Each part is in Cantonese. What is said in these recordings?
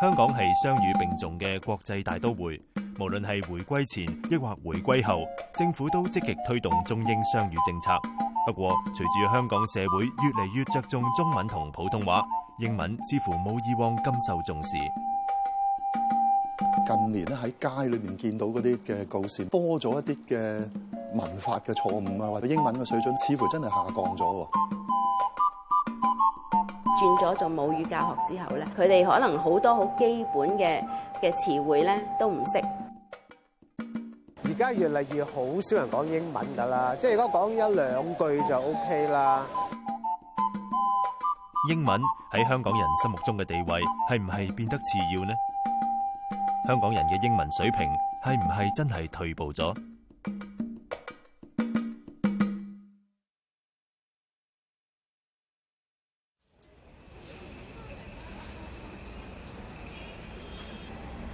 香港係雙語並重嘅國際大都會，無論係回歸前抑或回歸後，政府都積極推動中英雙語政策。不過，隨住香港社會越嚟越着重中文同普通話，英文似乎冇以往咁受重視。近年咧喺街裏面見到嗰啲嘅告示，多咗一啲嘅文法嘅錯誤啊，或者英文嘅水準，似乎真係下降咗喎。轉咗做母語教學之後咧，佢哋可能好多好基本嘅嘅詞彙咧都唔識。而家越嚟越好少人講英文㗎啦，即係如果講一兩句就 OK 啦。英文喺香港人心目中嘅地位係唔係變得次要呢？香港人嘅英文水平係唔係真係退步咗？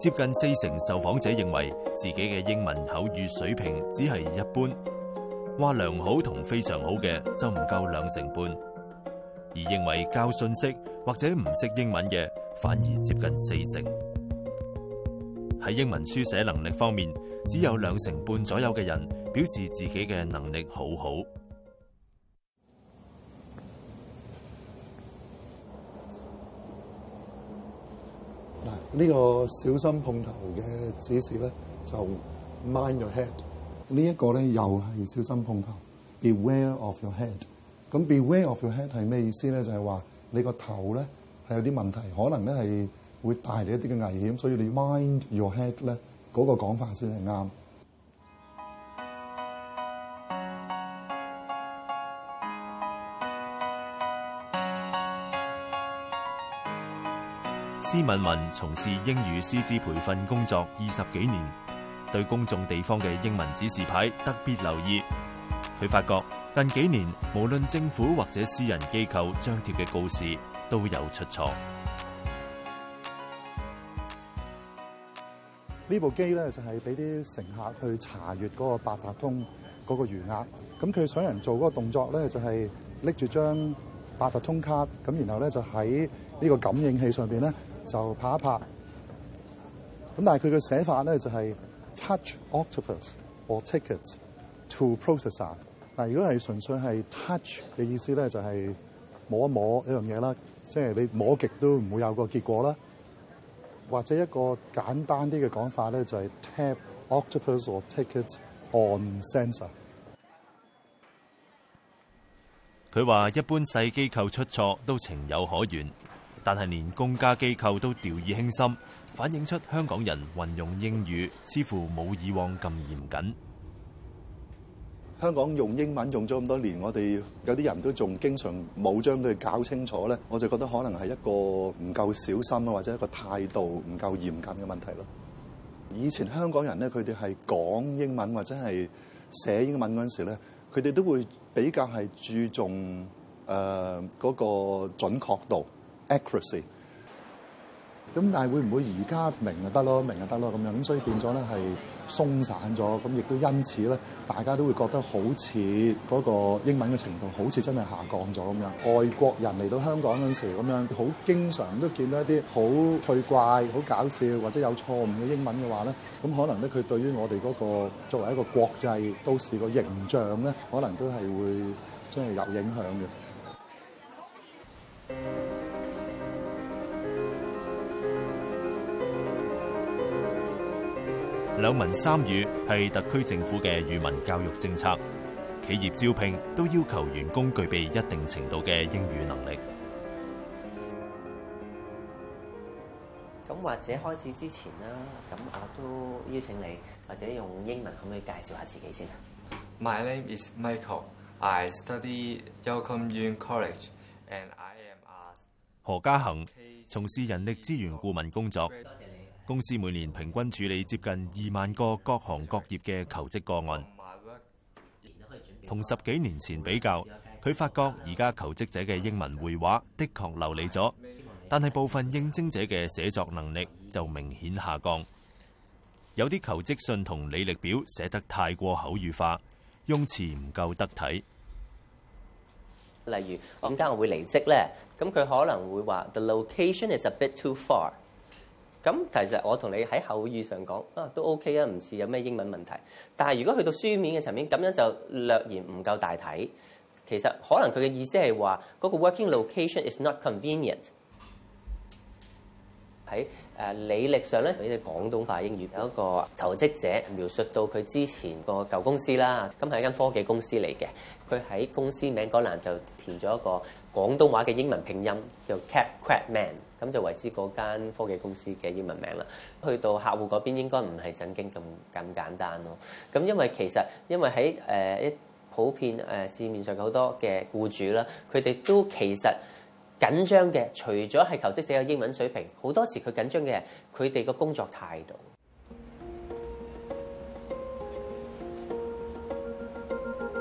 接近四成受訪者認為自己嘅英文口語水平只係一般，話良好同非常好嘅就唔夠兩成半，而認為較遜色或者唔識英文嘅反而接近四成。喺英文書寫能力方面，只有兩成半左右嘅人表示自己嘅能力好好。呢個小心碰頭嘅指示咧，就 mind your head。呢一個咧又係小心碰頭。Beware of your head。咁 beware of your head 係咩意思咧？就係話你個頭咧係有啲問題，可能咧係會帶嚟一啲嘅危險，所以你 mind your head 咧嗰個講法先係啱。施敏文從事英語師資培訓工作二十幾年，對公眾地方嘅英文指示牌特別留意。佢發覺近幾年無論政府或者私人機構張貼嘅告示都有出錯。呢部機咧就係俾啲乘客去查閱嗰個八達通嗰個餘額。咁佢想人做嗰個動作咧就係拎住張八達通卡，咁然後咧就喺呢個感應器上邊咧。就拍一拍，咁但係佢嘅寫法咧就係 touch octopus or ticket to processor。嗱，如果係純粹係 touch 嘅意思咧，就係摸一摸呢樣嘢啦，即係你摸極都唔會有個結果啦。或者一個簡單啲嘅講法咧，就係 tap octopus or ticket on sensor。佢話：一般細機構出錯都情有可原。但係連公家機構都掉以輕心，反映出香港人運用英語似乎冇以往咁嚴謹。香港用英文用咗咁多年，我哋有啲人都仲經常冇將佢哋搞清楚咧，我就覺得可能係一個唔夠小心啊，或者一個態度唔夠嚴謹嘅問題咯。以前香港人咧，佢哋係講英文或者係寫英文嗰陣時咧，佢哋都會比較係注重誒嗰個準確度。accuracy，咁但係會唔會而家明就得咯，明就得咯咁樣，咁所以變咗咧係鬆散咗，咁亦都因此咧，大家都會覺得好似嗰個英文嘅程度好似真係下降咗咁樣。外國人嚟到香港嗰陣時，咁樣好經常都見到一啲好趣怪、好搞笑或者有錯誤嘅英文嘅話咧，咁可能咧佢對於我哋嗰個作為一個國際都市個形象咧，可能都係會真係有影響嘅。兩文三語係特區政府嘅語文教育政策，企業招聘都要求員工具,具備一定程度嘅英語能力。咁或者開始之前啦，咁我都邀請你或者用英文可唔可以介紹下自己先啊？My name is Michael. I study y o u k o m Yun College, and I am 阿何家恒，從事人力資源顧問工作。公司每年平均處理接近二萬個各行各業嘅求職個案，同十幾年前比較，佢發覺而家求職者嘅英文會話的確流利咗，但係部分應徵者嘅寫作能力就明顯下降。有啲求職信同履歷表寫得太過口語化，用詞唔夠得體。例如，為咩會離職咧，咁佢可能會話：The location is a bit too far。咁其實我同你喺口語上講啊都 OK 啊，唔似有咩英文問題。但係如果去到書面嘅層面，咁樣就略然唔夠大體。其實可能佢嘅意思係話嗰個 working location is not convenient。喺誒履歷上咧，你嘅廣東話英語有一個求職者描述到佢之前個舊公司啦，咁係一間科技公司嚟嘅。佢喺公司名嗰欄就填咗一個廣東話嘅英文拼音，叫 Cap Crack Man。咁就為之嗰間科技公司嘅英文名啦。去到客戶嗰邊應該唔係整經咁咁簡單咯。咁因為其實因為喺誒一普遍誒市面上好多嘅僱主啦，佢哋都其實緊張嘅。除咗係求職者嘅英文水平，好多時佢緊張嘅係佢哋個工作態度。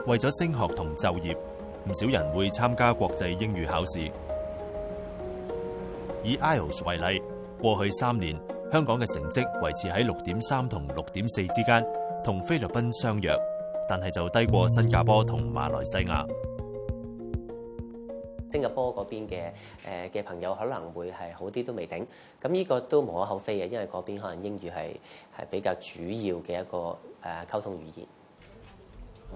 為咗升學同就業，唔少人會參加國際英語考試。以 IELTS 為例，過去三年香港嘅成績維持喺六點三同六點四之間，同菲律賓相若，但係就低過新加坡同馬來西亞。新加坡嗰邊嘅誒嘅朋友可能會係好啲都未定，咁呢個都無可厚非嘅，因為嗰邊可能英語係係比較主要嘅一個誒呃、溝通語言。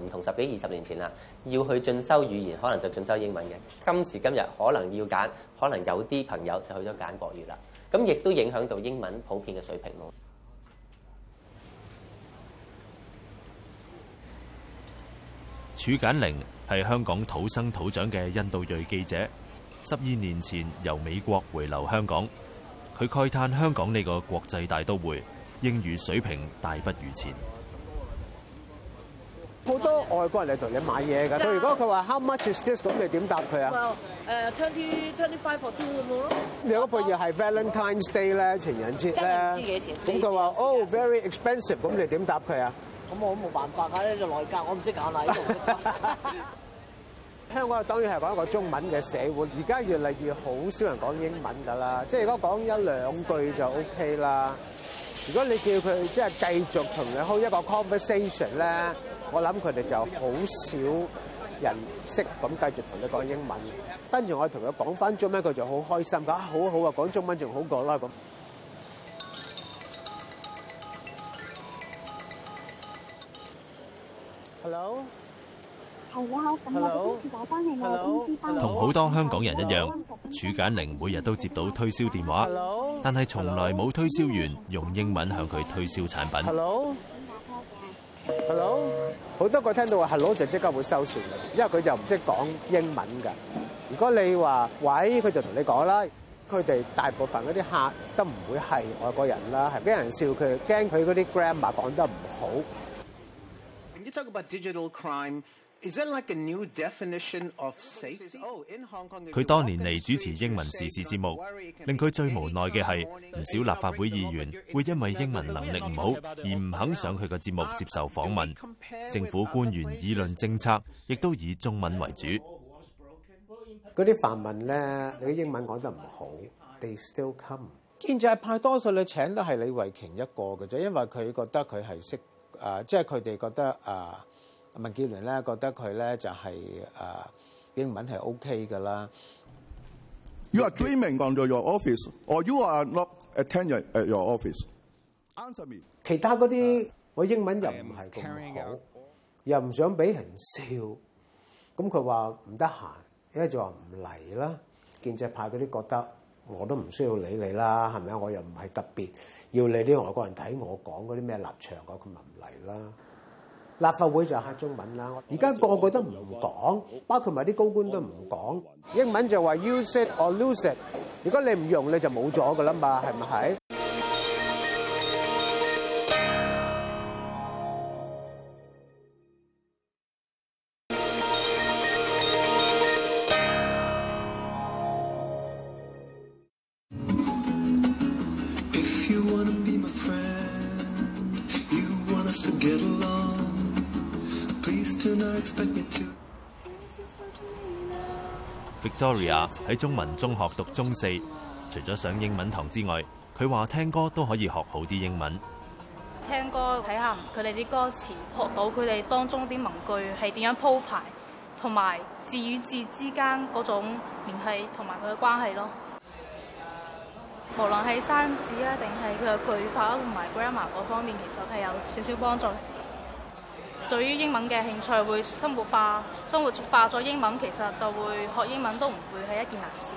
唔同十幾二十年前啦，要去進修語言，可能就進修英文嘅。今時今日可能要揀，可能有啲朋友就去咗揀國語啦。咁亦都影響到英文普遍嘅水平咯。褚簡寧係香港土生土長嘅印度裔記者，十二年前由美國回流香港，佢慨嘆香港呢個國際大都會英語水平大不如前。好多外國人嚟同你買嘢㗎。佢如果佢話 How much is this？咁你點答佢啊？誒，twenty twenty five for two 咁樣咯。你嗰半夜係 Valentine's Day 咧，情人節咧。唔知幾錢。咁佢話 Oh，very expensive。咁你點答佢啊？咁我冇辦法㗎，咧就內夾，我唔識揀啦。香港當然係講一個中文嘅社會，而家越嚟越好少人講英文㗎啦。即係如果講一兩句就 OK 啦。如果你叫佢即係繼續同你開一個 conversation 咧。我諗佢哋就好少人識咁繼續同佢講英文，跟住我同佢講翻中文，佢就好開心，㗎，好好啊，講中文仲好講啦咁。Hello，係啊，咁我今次打翻嚟我嘅公司啦。同好多香港人一樣，褚簡寧每日都接到推銷電話，但係從來冇推銷員用英文向佢推銷產品。Hello，好多個聽到話 Hello 就即刻會收線啦，因為佢就唔識講英文㗎。如果你話喂，佢就同你講啦。佢哋大部分嗰啲客都唔會係外國人啦，係俾人笑佢，驚佢嗰啲 grammar 講得唔好。When you talk about digital crime. 佢多、like、年嚟主持英文時事節目，令佢最無奈嘅係唔少立法會議員會因為英文能力唔好而唔肯上佢個節目接受訪問。政府官員議論政策亦都以中文為主。嗰啲泛民咧，你英文講得唔好。They still come. 建制派多數你請都係李慧瓊一個嘅啫，因為佢覺得佢係識啊，即係佢哋覺得啊。民建聯咧，覺得佢咧，就係英文係 OK 嘅啦。You are dreaming on your office, or you are not attending your office. Answer me。其他嗰啲我英文又唔係咁好，又唔想俾人笑，咁佢話唔得閒，一就話唔嚟啦。建制派嗰啲覺得我都唔需要理你啦，係咪啊？我又唔係特別要你啲外國人睇我講嗰啲咩立場，咁佢咪唔嚟啦。立法會就係黑中文啦，而家個個都唔講，包括埋啲高官都唔講。英文就話：Use it or lose it。如果你唔用你就冇咗噶啦嘛，係咪？係？ Victoria 喺中文中學讀中四，除咗上英文堂之外，佢話聽歌都可以學好啲英文。聽歌睇下佢哋啲歌詞，學到佢哋當中啲文句係點樣鋪排，同埋字與字之間嗰種聯繫同埋佢嘅關係咯。無論係生字啊，定係佢嘅句法啊，同埋 grammar 嗰方面，其實係有少少幫助。對於英文嘅興趣會生活化，生活化咗英文，其實就會學英文都唔會係一件難事。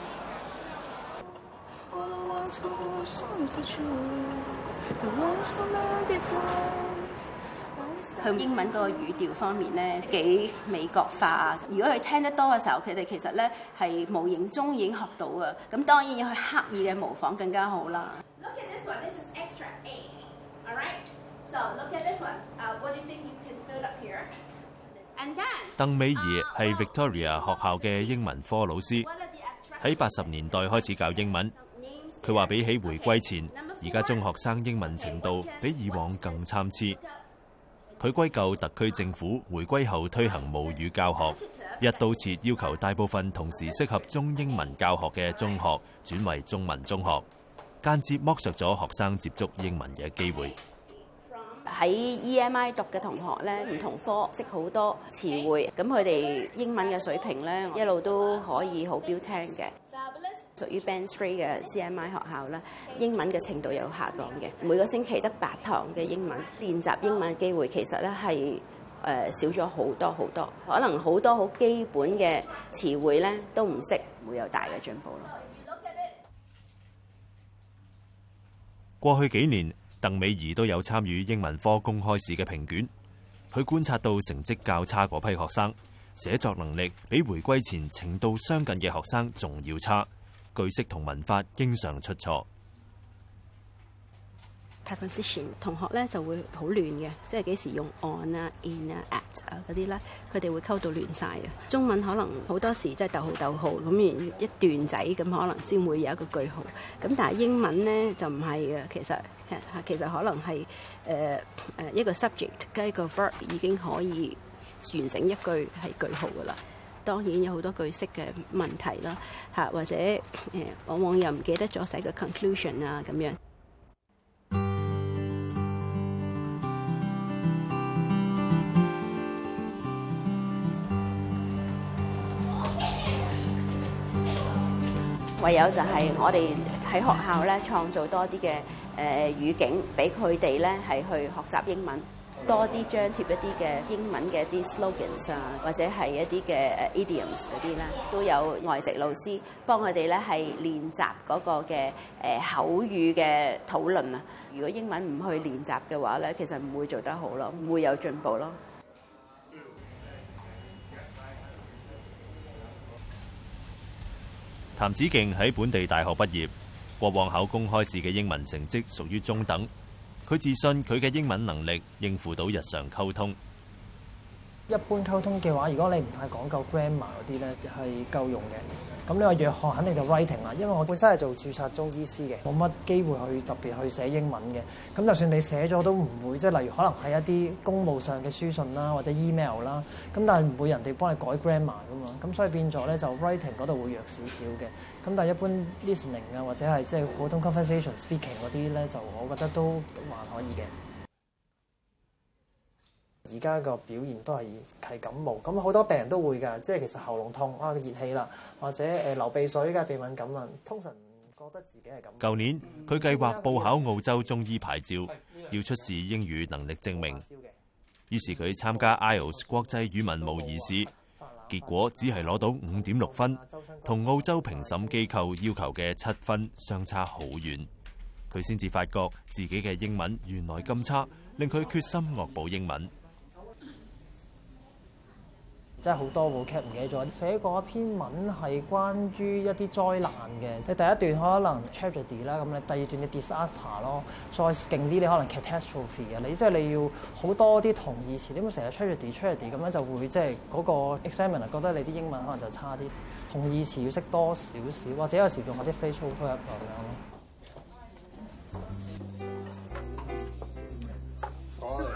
向英文嗰個語調方面咧，幾美國化。如果佢聽得多嘅時候，佢哋其實咧係無形中已經學到嘅。咁當然要去刻意嘅模仿更加好啦。Look at this one. This is extra A. All right. 鄧美儀係 Victoria 學校嘅英文科老師，喺八十年代開始教英文。佢話、嗯，比起回歸前，而家、嗯、中學生英文程度比以往更參差。佢、嗯嗯、歸咎特區政府回歸後推行母語教學，嗯、一刀切要求大部分同時適合中英文教學嘅中學轉為中文中學，間接剝削咗學生接觸英文嘅機會。嗯嗯嗯嗯喺 EMI 讀嘅同學咧，唔同科識好多詞彙，咁佢哋英文嘅水平咧一路都可以好標青嘅。屬於 Band Three 嘅 CMI 學校咧，英文嘅程度有下降嘅，每個星期得八堂嘅英文練習英文嘅機會，其實咧係誒少咗好多好多，可能好多好基本嘅詞彙咧都唔識，唔會有大嘅進步咯。過去幾年。鄧美儀都有參與英文科公開試嘅評卷，佢觀察到成績較差嗰批學生，寫作能力比回歸前程度相近嘅學生仲要差，句式同文法經常出錯。Preposition，同學咧就會好亂嘅，即係幾時用 on 啊、in 啊、at 啊嗰啲咧，佢哋會溝到亂晒啊！中文可能好多時即係逗號逗號咁，然一段仔咁可能先會有一個句號。咁但係英文咧就唔係嘅，其實嚇其實可能係誒誒一個 subject 跟一個 verb 已經可以完整一句係句號㗎啦。當然有好多句式嘅問題啦，嚇或者誒往往又唔記得咗寫個 conclusion 啊咁樣。唯有就係我哋喺學校咧創造多啲嘅誒語境，俾佢哋咧係去學習英文，多啲張貼一啲嘅英文嘅一啲 slogans 啊，或者係一啲嘅 idioms 嗰啲咧，都有外籍老師幫佢哋咧係練習嗰個嘅誒口語嘅討論啊。如果英文唔去練習嘅話咧，其實唔會做得好咯，唔會有進步咯。譚子敬喺本地大學畢業，過往考公開試嘅英文成績屬於中等，佢自信佢嘅英文能力應付到日常溝通。一般溝通嘅話，如果你唔太講究 grammar 嗰啲咧，係夠用嘅。咁你話弱項肯定就 writing 啦，因為我本身係做註冊中醫師嘅，冇乜機會去特別去寫英文嘅。咁就算你寫咗都唔會，即係例如可能係一啲公務上嘅書信啦，或者 email 啦，咁但係唔會人哋幫你改 grammar 噶嘛。咁所以變咗咧就 writing 嗰度會弱少少嘅。咁但係一般 listening 啊，或者係即係普通 conversation speaking 嗰啲咧，就我覺得都還可以嘅。而家個表現都係係感冒咁，好多病人都會㗎，即係其實喉嚨痛啊，熱氣啦，或者誒流鼻水，而家鼻敏感啊，通常覺得自己係感冒。舊年佢計劃報考澳洲中醫牌照，要出示英語能力證明，於是佢參加 IELTS 國際語文模擬試，結果只係攞到五點六分，同澳洲評審機構要求嘅七分相差好遠。佢先至發覺自己嘅英文原來咁差，令佢決心惡補英文。真係好多部劇唔記得咗，寫過一篇文係關於一啲災難嘅。你第一段可能 tragedy 啦，咁你第二段嘅 disaster 咯，再勁啲你可能 catastrophe 嘅。你即係你要好多啲同意詞，你唔成日 tragedy tragedy 咁樣，就會即係嗰個 e x a m i n e r 覺覺得你啲英文可能就差啲，同意詞要識多少少，或者有時仲有啲 f a c e for e x a m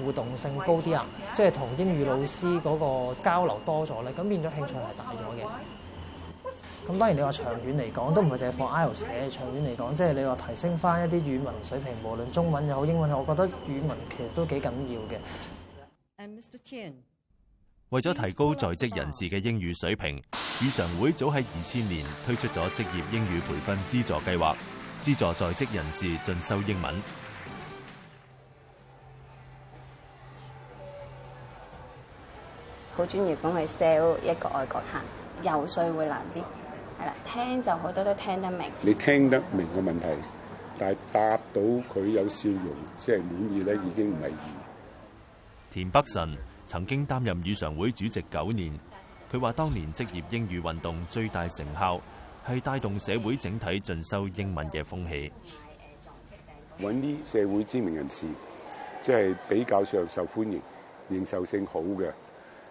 互動性高啲啊，即係同英語老師嗰個交流多咗咧，咁變咗興趣係大咗嘅。咁當然你話長遠嚟講都唔係淨係放 IELTS 嘅，長遠嚟講即係你話提升返一啲語文水平，無論中文又好英文，我覺得語文其實都幾緊要嘅。Mr Tian，為咗提高在職人士嘅英語水平，語常會早喺二千年推出咗職業英語培訓資助計劃，資助在職人士進修英文。好專業咁去 sell 一個外國客，游説會難啲係啦。聽就好多都聽得明。你聽得明嘅問題，但係答到佢有笑容，即係滿意咧，已經唔係易。嗯、田北辰曾經擔任語常會主席九年，佢話：當年職業英語運動最大成效係帶動社會整體進修英文嘅風氣。揾啲社會知名人士，即係比較上受歡迎、認受性好嘅。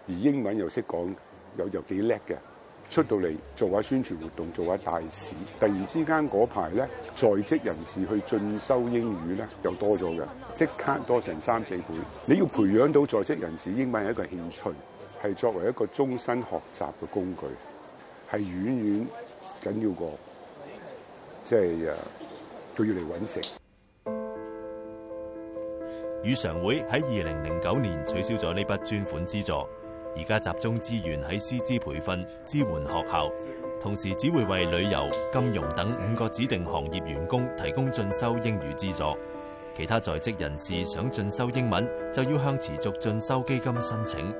而英文又識講，又又幾叻嘅，出到嚟做下宣傳活動，做下大使。突然之間嗰排咧，在職人士去進修英語咧，又多咗嘅，即刻多成三四倍。你要培養到在職人士英文係一個興趣，係作為一個終身學習嘅工具，係遠遠緊要過即係誒，都要嚟揾食。語常會喺二零零九年取消咗呢筆專款資助。而家集中資源喺師資培訓、支援學校，同時只會為旅遊、金融等五個指定行業員工提供進修英語資助。其他在職人士想進修英文，就要向持續進修基金申請。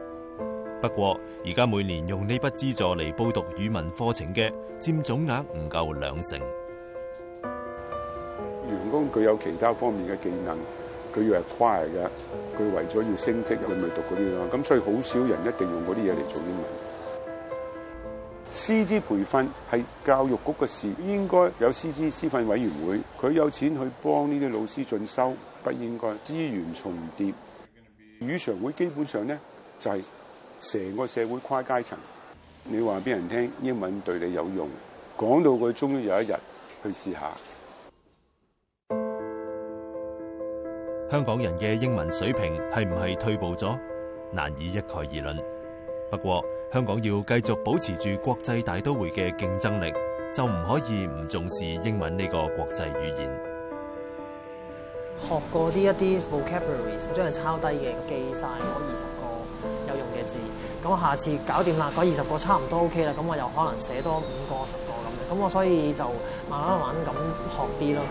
不過，而家每年用呢筆資助嚟報讀語文課程嘅，佔總額唔夠兩成。員工具有其他方面嘅技能。佢要係 quire 㗎，佢為咗要升職，佢咪讀嗰啲咯。咁所以好少人一定用嗰啲嘢嚟做英文。師資 培訓係教育局嘅事，應該有、C G、師資師訓委員會，佢有錢去幫呢啲老師進修，不應該資源重疊。 語常會基本上咧，就係、是、成個社會跨階層，你話俾人聽英文對你有用，講到佢終於有一日去試下。香港人嘅英文水平係唔係退步咗？難以一概而論。不過香港要繼續保持住國際大都會嘅競爭力，就唔可以唔重視英文呢個國際語言。學過啲一啲 vocabulary，將佢抄低嘅記晒嗰二十個有用嘅字。咁我下次搞掂啦，嗰二十個差唔多 OK 啦，咁我又可能寫多五個十個咁。咁我所以就慢慢慢咁學啲咯。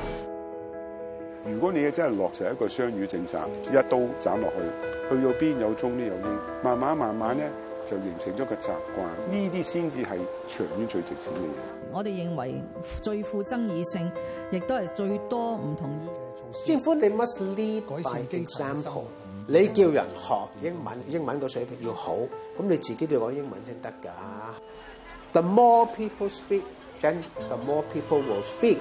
如果你真係落實一個雙語政策，嗯、一刀斬落去，去到邊有中邊有英，慢慢慢慢咧就形成咗個習慣，呢啲先至係長遠最值錢嘅嘢。我哋認為最富爭議性，亦都係最多唔同意嘅措施。政府，你 must lead by example. 你叫人學英文，英文個水平要好，咁你自己都要講英文先得㗎。The more people speak, then the more people will speak.